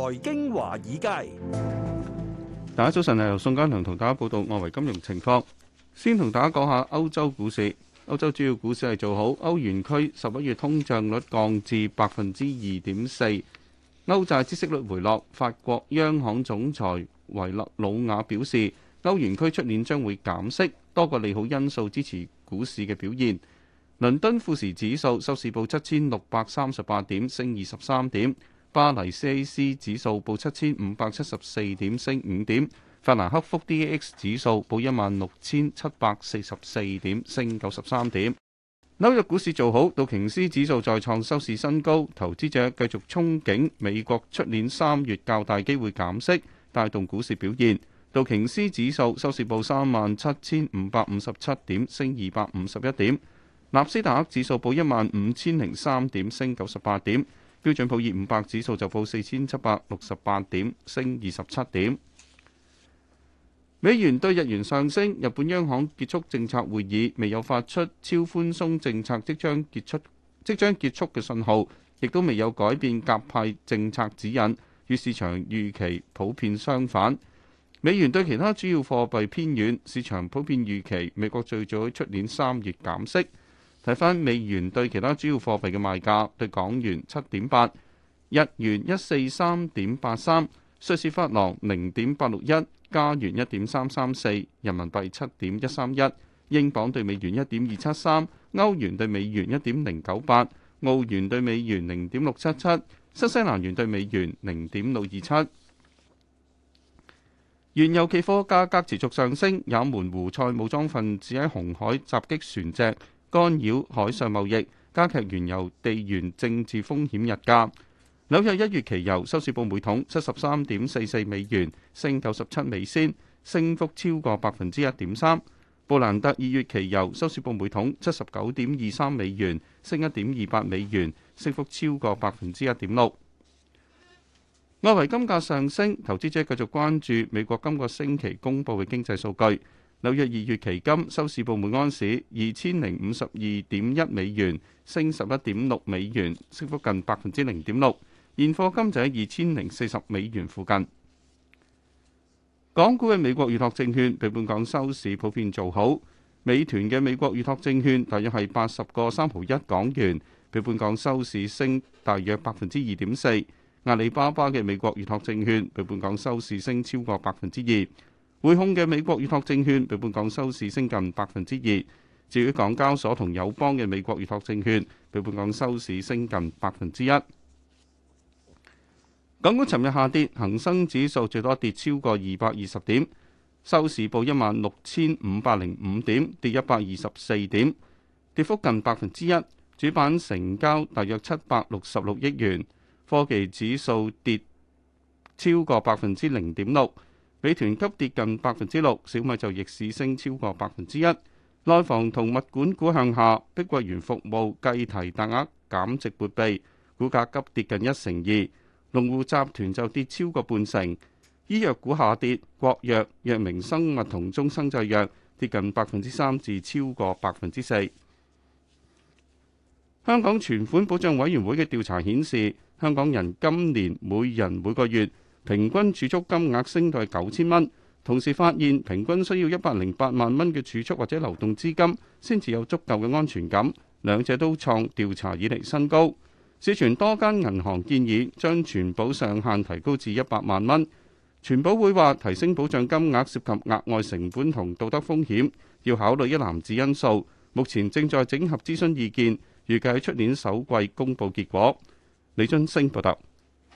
財經華爾街，大家早晨，係由宋嘉良同大家報道外圍金融情況。先同大家講下歐洲股市，歐洲主要股市係做好，歐元區十一月通脹率降至百分之二點四，歐債息率回落。法國央行總裁維勒魯瓦表示，歐元區出年將會減息，多個利好因素支持股市嘅表現。倫敦富時指數收市報七千六百三十八點，升二十三點。巴黎 CAC 指數報七千五百七十四點，升五點。法蘭克福 DAX 指數報一萬六千七百四十四點，升九十三點。紐約股市做好，道瓊斯指數再創收市新高，投資者繼續憧憬美國出年三月較大機會減息，帶動股市表現。道瓊斯指數收市報三萬七千五百五十七點，升二百五十一點。納斯達克指數報一萬五千零三點，升九十八點。標準普爾五百指數就報四千七百六十八點，升二十七點。美元對日元上升，日本央行結束政策會議，未有發出超寬鬆政策即將結束即將結束嘅信號，亦都未有改變鴿派政策指引，與市場預期普遍相反。美元對其他主要貨幣偏軟，市場普遍預期美國最早出年三月減息。睇翻美元對其他主要貨幣嘅賣價，對港元七點八，日元一四三點八三，瑞士法郎零點八六一，加元一點三三四，人民幣七點一三一，英鎊對美元一點二七三，歐元對美元一點零九八，澳元對美元零點六七七，新西蘭元對美元零點六二七。原油期貨價格持續上升，也門胡塞武裝分子喺紅海襲擊船隻。干擾海上貿易，加劇原油地緣政治風險日加。紐約一月期油收市報每桶七十三點四四美元，升九十七美仙，升幅超過百分之一點三。布蘭特二月期油收市報每桶七十九點二三美元，升一點二八美元，升幅超過百分之一點六。外圍金價上升，投資者繼續關注美國今個星期公佈嘅經濟數據。紐約二月期金收市報每安士二千零五十二點一美元，升十一點六美元，升幅近百分之零點六。現貨金就喺二千零四十美元附近。港股嘅美國預託證券被本港收市普遍做好。美團嘅美國預託證券大約係八十個三毫一港元，被本港收市升大約百分之二點四。阿里巴巴嘅美國預託證券被本港收市升超過百分之二。匯控嘅美國預託證券比本港收市升近百分之二，至於港交所同友邦嘅美國預託證券比本港收市升近百分之一。港股尋日下跌，恒生指數最多跌超過二百二十點，收市報一萬六千五百零五點，跌一百二十四點，跌幅近百分之一。主板成交大約七百六十六億元，科技指數跌超過百分之零點六。美團急跌近百分之六，小米就逆市升超過百分之一。內房同物管股股向下，碧桂園服務計提大額減值撥備，股價急跌近一成二。龍湖集團就跌超過半成。醫藥股下跌，國藥、藥明生物同中生製藥跌近百分之三至超過百分之四。香港存款保障委員會嘅調查顯示，香港人今年每人每個月，平均儲蓄金額升到九千蚊，同時發現平均需要一百零八萬蚊嘅儲蓄或者流動資金先至有足夠嘅安全感，兩者都創調查以嚟新高。市傳多間銀行建議將存保上限提高至一百萬蚊。存保會話提升保障金額涉及額外成本同道德風險，要考慮一籃子因素。目前正在整合諮詢意見，預計喺出年首季公佈結果。李津升報道。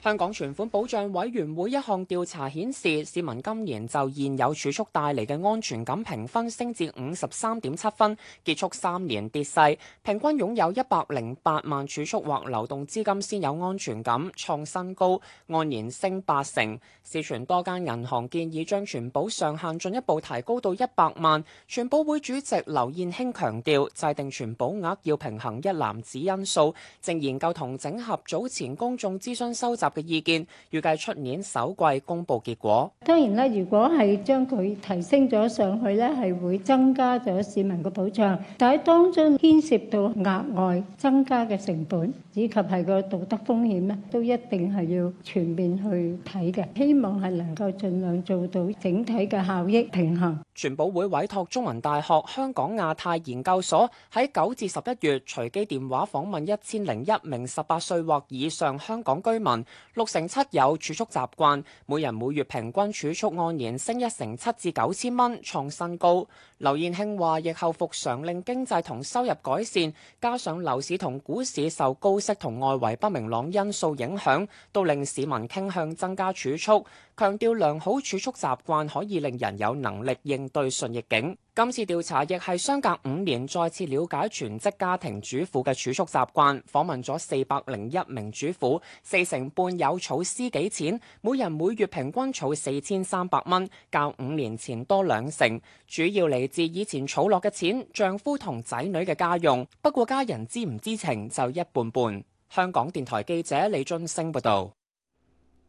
香港存款保障委員會一項調查顯示，市民今年就現有儲蓄帶嚟嘅安全感評分升至五十三點七分，結束三年跌勢，平均擁有一百零八萬儲蓄或流動資金先有安全感，創新高，按年升八成。市傳多間銀行建議將存保上限進一步提高到一百萬，存保會主席劉燕卿強調，制定存保額要平衡一籃子因素，正研究同整合早前公眾諮詢收集。嘅意見，預計出年首季公布結果。當然咧，如果係將佢提升咗上去咧，係會增加咗市民嘅保障，但係當中牽涉到額外增加嘅成本，以及係個道德風險咧，都一定係要全面去睇嘅。希望係能夠盡量做到整體嘅效益平衡。全保會委託中文大學香港亞太研究所喺九至十一月隨機電話訪問一千零一名十八歲或以上香港居民。六成七有儲蓄習慣，每人每月平均儲蓄按年升一成七至九千蚊，創新高。劉燕慶話：疫後復常令經濟同收入改善，加上樓市同股市受高息同外圍不明朗因素影響，都令市民傾向增加儲蓄。強調良好儲蓄習慣可以令人有能力應對順逆境。今次調查亦係相隔五年再次了解全職家庭主婦嘅儲蓄習慣，訪問咗四百零一名主婦，四成半有儲私己錢，每人每月平均儲四千三百蚊，較五年前多兩成。主要嚟自以前儲落嘅錢，丈夫同仔女嘅家用。不過家人知唔知情就一半半。香港電台記者李津星報導。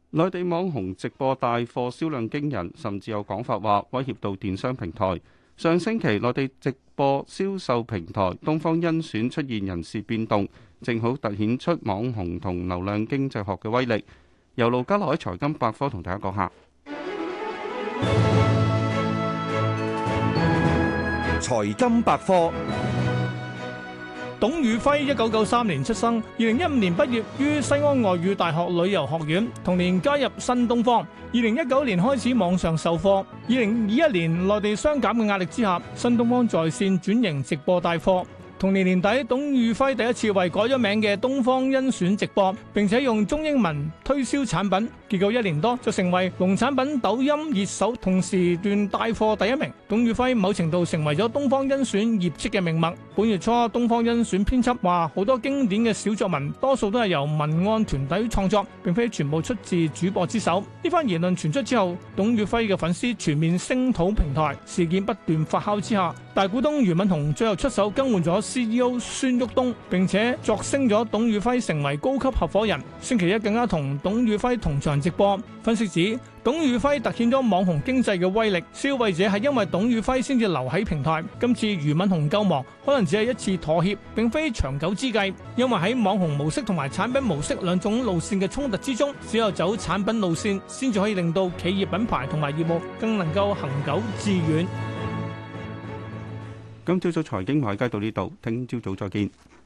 內地網紅直播帶貨銷量驚人，甚至有講法話威脅到電商平台。上星期，內地直播銷售平台東方甄選出現人事變動，正好突顯出網紅同流量經濟學嘅威力。由盧家樂喺財金百科同大家講下財金百科。董宇輝一九九三年出生，二零一五年畢業於西安外語大學旅遊學院，同年加入新東方。二零一九年開始網上授課，二零二一年內地雙減嘅壓力之下，新東方在線轉型直播帶貨。同年年底，董宇輝第一次為改咗名嘅東方甄選直播，並且用中英文推銷產品，結果一年多就成為農產品抖音熱搜同時段帶貨第一名。董宇輝某程度成為咗東方甄選業績嘅命脈。本月初，東方甄選編輯話，好多經典嘅小作文多數都係由文案團體創作，並非全部出自主播之手。呢番言論傳出之後，董宇輝嘅粉絲全面聲討平台，事件不斷發酵之下，大股東俞敏洪最後出手更換咗。CEO 孫旭東並且擢升咗董宇輝成為高級合伙人。星期一更加同董宇輝同場直播。分析指董宇輝突顯咗網紅經濟嘅威力，消費者係因為董宇輝先至留喺平台。今次俞敏洪救亡可能只係一次妥協，並非長久之計。因為喺網紅模式同埋產品模式兩種路線嘅衝突之中，只有走產品路線先至可以令到企業品牌同埋業務更能夠恒久致遠。今朝早財經華爾街到呢度，聽朝早再見。